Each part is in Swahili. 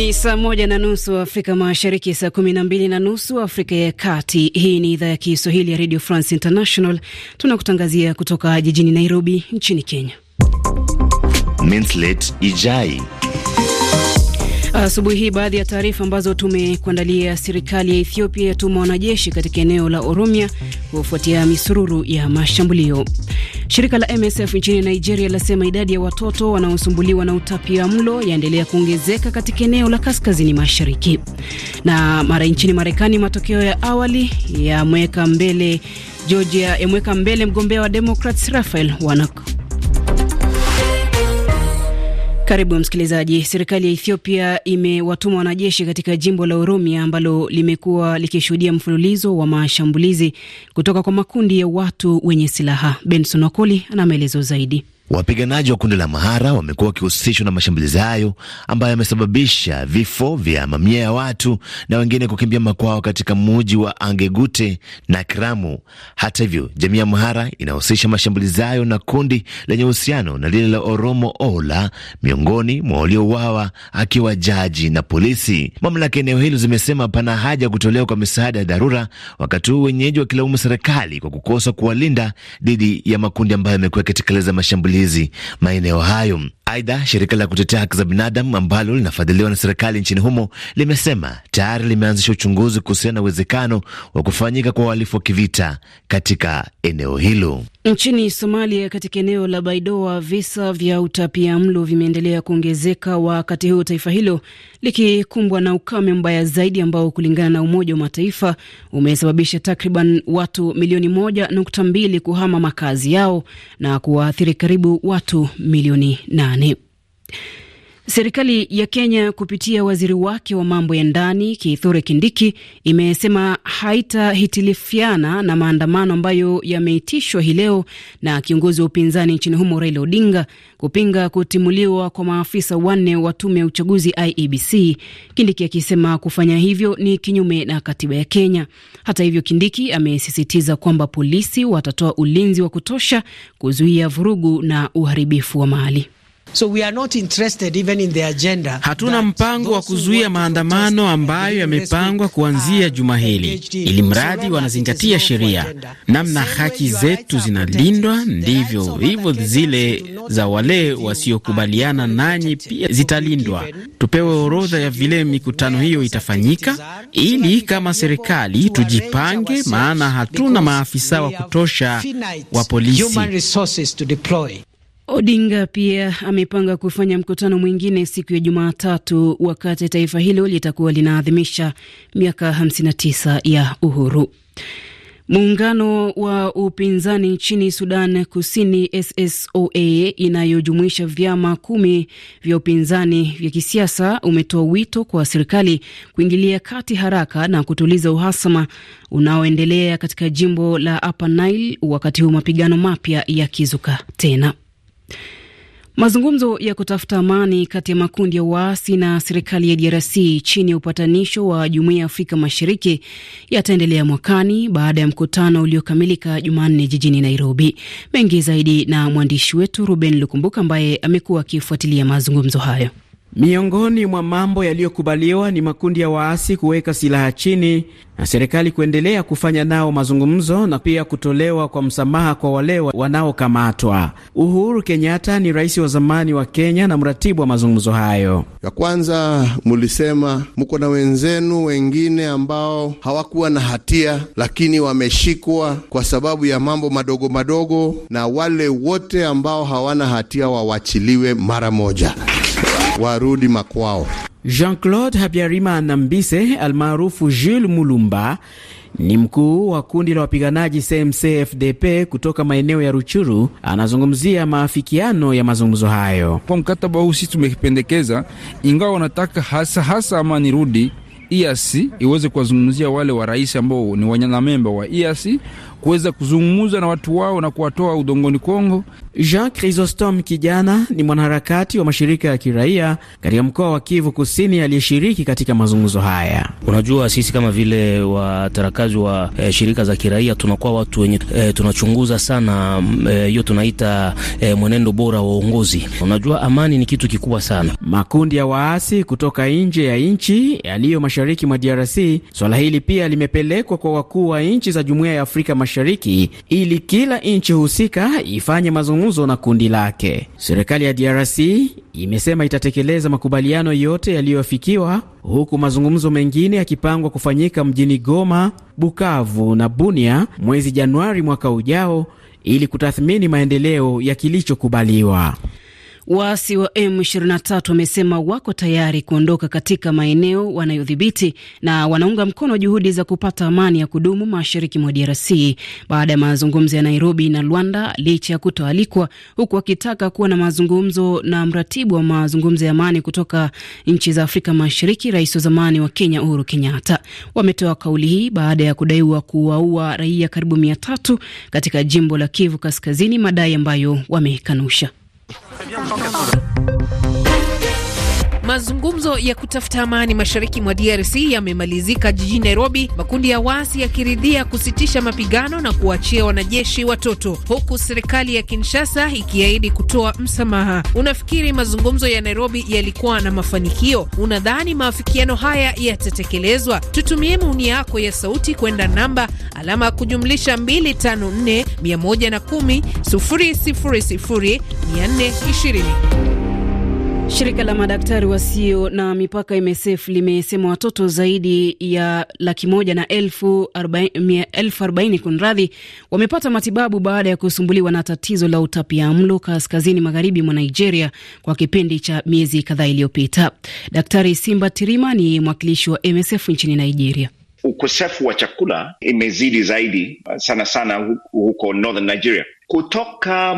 Ni saa moja na nusu Afrika Mashariki, saa kumi na mbili na nusu Afrika ya Kati. Hii ni idhaa ya Kiswahili ya Radio France International, tunakutangazia kutoka jijini Nairobi nchini Kenya. Minslate Ijai Asubuhi hii baadhi ya taarifa ambazo tumekuandalia: serikali ya Ethiopia yatuma wanajeshi katika eneo la Oromia kufuatia misururu ya mashambulio. Shirika la MSF nchini Nigeria lasema idadi ya watoto wanaosumbuliwa na utapia mlo yaendelea kuongezeka katika eneo la kaskazini mashariki. Na mara nchini Marekani, matokeo ya awali yamweka mbele Georgia, yamweka mbele mgombea wa Democrats Rafael karibu msikilizaji. Serikali ya Ethiopia imewatuma wanajeshi katika jimbo la Oromia ambalo limekuwa likishuhudia mfululizo wa mashambulizi kutoka kwa makundi ya watu wenye silaha. Benson Wakoli ana maelezo zaidi. Wapiganaji wa kundi la mahara wamekuwa wakihusishwa na mashambulizi hayo ambayo yamesababisha vifo vya mamia ya watu na wengine kukimbia makwao katika muji wa Angegute na Kiramu. Hata hivyo, jamii ya mahara inahusisha mashambulizi hayo na kundi lenye uhusiano na lile la Oromo Ola, miongoni mwa waliouawa akiwa jaji na polisi. Mamlaka eneo hilo zimesema pana haja ya kutolewa kwa misaada ya dharura, wakati huu wenyeji wakilaumu serikali kwa kukosa kuwalinda dhidi ya makundi ambayo yamekuwa yakitekeleza mashambulizi wakimbizi maeneo hayo. Aidha, shirika la kutetea haki za binadamu ambalo linafadhiliwa na serikali nchini humo limesema tayari limeanzisha uchunguzi kuhusiana na uwezekano wa kufanyika kwa uhalifu wa kivita katika eneo hilo. Nchini Somalia, katika eneo la Baidoa, visa vya utapia mlo vimeendelea kuongezeka, wakati huu taifa hilo likikumbwa na ukame mbaya zaidi ambao kulingana na Umoja wa Mataifa umesababisha takriban watu milioni moja nukta mbili kuhama makazi yao na kuwaathiri karibu watu milioni nane. Marekani. Serikali ya Kenya kupitia waziri wake wa mambo ya ndani Kithure Kindiki imesema haitahitilifiana na maandamano ambayo yameitishwa hii leo na kiongozi wa upinzani nchini humo Raila Odinga kupinga kutimuliwa kwa maafisa wanne wa tume ya uchaguzi IEBC, Kindiki akisema kufanya hivyo ni kinyume na katiba ya Kenya. Hata hivyo, Kindiki amesisitiza kwamba polisi watatoa ulinzi wa kutosha kuzuia vurugu na uharibifu wa mali. So we are not interested even in the agenda. Hatuna mpango wa kuzuia maandamano ambayo yamepangwa kuanzia juma hili, ili mradi wanazingatia sheria, namna haki zetu zinalindwa, ndivyo hivyo zile za wale wasiokubaliana nanyi pia zitalindwa. Tupewe orodha ya vile mikutano hiyo itafanyika, ili kama serikali tujipange, maana hatuna maafisa wa kutosha wa polisi. Odinga pia amepanga kufanya mkutano mwingine siku ya Jumatatu wakati taifa hilo litakuwa linaadhimisha miaka 59 ya uhuru. Muungano wa upinzani nchini Sudan Kusini, SSOA, inayojumuisha vyama kumi vya upinzani vya kisiasa umetoa wito kwa serikali kuingilia kati haraka na kutuliza uhasama unaoendelea katika jimbo la Upper Nile, wakati huu mapigano mapya yakizuka tena. Mazungumzo ya kutafuta amani kati ya makundi ya waasi na serikali ya DRC chini ya upatanisho wa Jumuiya ya Afrika Mashariki yataendelea mwakani baada ya mkutano uliokamilika Jumanne jijini Nairobi. Mengi zaidi na mwandishi wetu Ruben Lukumbuka ambaye amekuwa akifuatilia mazungumzo hayo. Miongoni mwa mambo yaliyokubaliwa ni makundi ya waasi kuweka silaha chini na serikali kuendelea kufanya nao mazungumzo na pia kutolewa kwa msamaha kwa wale wanaokamatwa. Uhuru Kenyatta ni rais wa zamani wa Kenya na mratibu wa mazungumzo hayo. Ya kwanza mulisema mko na wenzenu wengine ambao hawakuwa na hatia, lakini wameshikwa kwa sababu ya mambo madogo madogo, na wale wote ambao hawana hatia wawachiliwe mara moja warudi makwao. Jean-Claude Habyarimana Nambise almaarufu Jules Mulumba ni mkuu wa kundi la wapiganaji cmcfdp kutoka maeneo ya Ruchuru. Anazungumzia maafikiano ya mazungumzo hayo. Kwa mkataba huu sisi tumependekeza, ingawa wanataka hasa hasa amani rudi EAC iweze kuwazungumzia wale wa rais ambao ni wanyanamemba wa EAC kuweza kuzungumza na watu wao na kuwatoa udongoni Kongo. Jean Chrysostom kijana ni mwanaharakati wa mashirika ya kiraia katika mkoa wa Kivu Kusini aliyeshiriki katika mazungumzo haya. Unajua, sisi kama vile watarakazi wa e, shirika za kiraia tunakuwa watu wenye e, tunachunguza sana mm, eh, hiyo e, tunaita e, mwenendo bora wa uongozi. Unajua, amani ni kitu kikubwa sana. Makundi ya waasi kutoka nje ya nchi yaliyo mashariki mwa DRC, swala hili pia limepelekwa kwa wakuu wa nchi za Jumuiya ya Afrika Mashariki ili kila nchi husika ifanye mazungumzo na kundi lake. Serikali ya DRC imesema itatekeleza makubaliano yote yaliyofikiwa, huku mazungumzo mengine yakipangwa kufanyika mjini Goma, Bukavu na Bunia mwezi Januari mwaka ujao ili kutathmini maendeleo ya kilichokubaliwa. Waasi wa M23 wamesema wako tayari kuondoka katika maeneo wanayodhibiti na wanaunga mkono juhudi za kupata amani ya kudumu mashariki mwa DRC baada ya mazungumzo ya Nairobi na Luanda, licha ya kutoalikwa, huku wakitaka kuwa na mazungumzo na mratibu wa mazungumzo ya amani kutoka nchi za Afrika Mashariki, rais wa zamani wa Kenya Uhuru Kenyatta. Wametoa kauli hii baada ya kudaiwa kuwaua raia karibu mia tatu katika jimbo la Kivu Kaskazini, madai ambayo wamekanusha. 非常的。Mazungumzo ya kutafuta amani mashariki mwa DRC yamemalizika jijini Nairobi, makundi ya waasi yakiridhia kusitisha mapigano na kuachia wanajeshi watoto, huku serikali ya Kinshasa ikiahidi kutoa msamaha. Unafikiri mazungumzo ya Nairobi yalikuwa na mafanikio? Unadhani maafikiano haya yatatekelezwa? Tutumie maoni yako ya sauti kwenda namba alama ya kujumlisha 254 110 000 420. Shirika la madaktari wasio na mipaka MSF limesema watoto zaidi ya laki moja na elfu arobaini kunradhi, wamepata matibabu baada ya kusumbuliwa na tatizo la utapia mlo kaskazini magharibi mwa Nigeria kwa kipindi cha miezi kadhaa iliyopita. Daktari Simba Tirima ni mwakilishi wa MSF nchini Nigeria. Ukosefu wa chakula imezidi zaidi uh, sana sana huko Northern Nigeria kutoka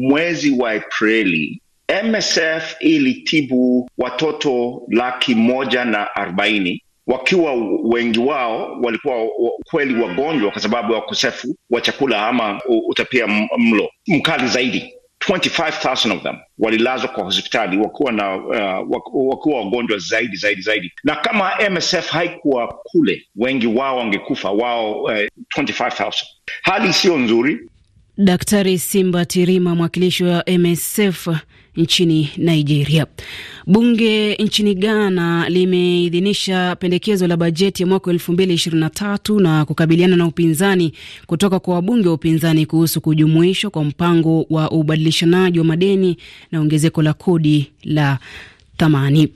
mwezi wa Aprili MSF ilitibu watoto laki moja na arobaini wakiwa wengi wao walikuwa kweli wagonjwa kwa sababu ya ukosefu wa chakula ama utapia mlo mkali zaidi. 25,000 of them walilazwa kwa hospitali wakiwa na uh, wakiwa wagonjwa zaidi zaidi zaidi, na kama MSF haikuwa kule, wengi wao wangekufa wao, uh, 25,000. Hali isiyo nzuri Daktari Simba Tirima, mwakilishi wa MSF nchini Nigeria. Bunge nchini Ghana limeidhinisha pendekezo la bajeti ya mwaka tatu na kukabiliana na upinzani kutoka kwa wabunge wa upinzani kuhusu kujumuishwa kwa mpango wa ubadilishanaji wa madeni na ongezeko la kodi la thamani.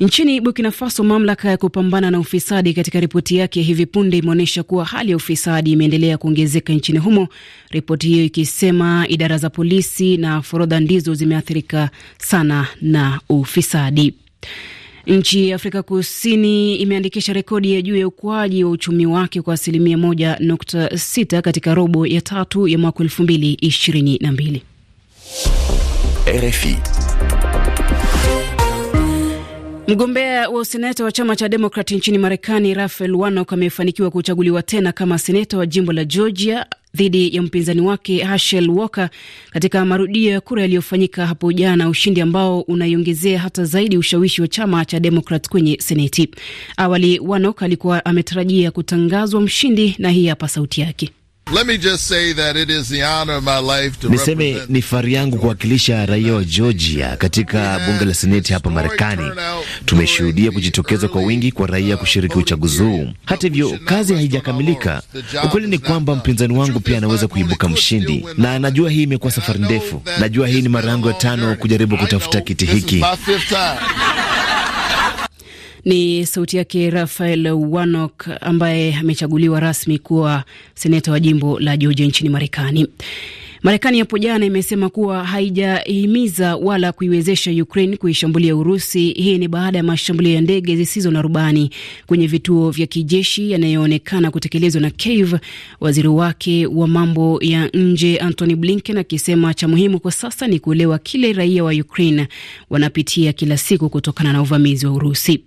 Nchini Burkina Faso, mamlaka ya kupambana na ufisadi katika ripoti yake hivi punde imeonyesha kuwa hali ya ufisadi imeendelea kuongezeka nchini humo, ripoti hiyo ikisema idara za polisi na forodha ndizo zimeathirika sana na ufisadi. Nchi ya Afrika Kusini imeandikisha rekodi ya juu ya ukuaji wa uchumi wake kwa asilimia 1.6 katika robo ya tatu ya mwaka 222 RFI Mgombea wa seneta wa chama cha Demokrat nchini Marekani, Rafael Warnock amefanikiwa kuchaguliwa tena kama seneta wa jimbo la Georgia dhidi ya mpinzani wake Herschel Walker katika marudio ya kura yaliyofanyika hapo jana, ushindi ambao unaiongezea hata zaidi ushawishi wa chama cha Demokrat kwenye seneti. Awali Warnock alikuwa ametarajia kutangazwa mshindi, na hii hapa sauti yake. Niseme ni fahari yangu kuwakilisha raia wa Georgia katika bunge la seneti hapa Marekani. Tumeshuhudia kujitokeza kwa wingi kwa raia kushiriki uchaguzi huu. Hata hivyo, kazi haijakamilika. Ukweli ni kwamba mpinzani wangu pia anaweza kuibuka mshindi, na najua hii imekuwa safari ndefu. Najua hii ni mara yangu ya tano kujaribu kutafuta kiti hiki. Ni sauti yake Rafael Wanok ambaye amechaguliwa rasmi kuwa seneta wa jimbo la Georgia nchini Marekani. Marekani hapo jana imesema kuwa haijahimiza wala kuiwezesha Ukraine kuishambulia Urusi. Hii ni baada ya mashambulio ya ndege zisizo na rubani kwenye vituo vya kijeshi yanayoonekana kutekelezwa na Kiev, waziri wake wa mambo ya nje Antony Blinken akisema cha muhimu kwa sasa ni kuelewa kile raia wa Ukraine wanapitia kila siku kutokana na uvamizi wa Urusi.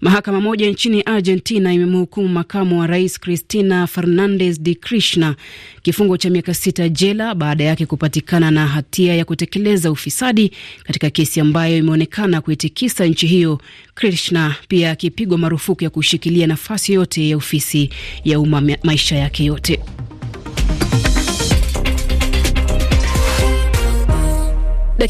Mahakama moja nchini Argentina imemhukumu makamu wa rais Cristina Fernandez de krishna kifungo cha miaka sita jela baada yake kupatikana na hatia ya kutekeleza ufisadi katika kesi ambayo imeonekana kuitikisa nchi hiyo, krishna pia akipigwa marufuku ya kushikilia nafasi yote ya ofisi ya umma maisha yake yote.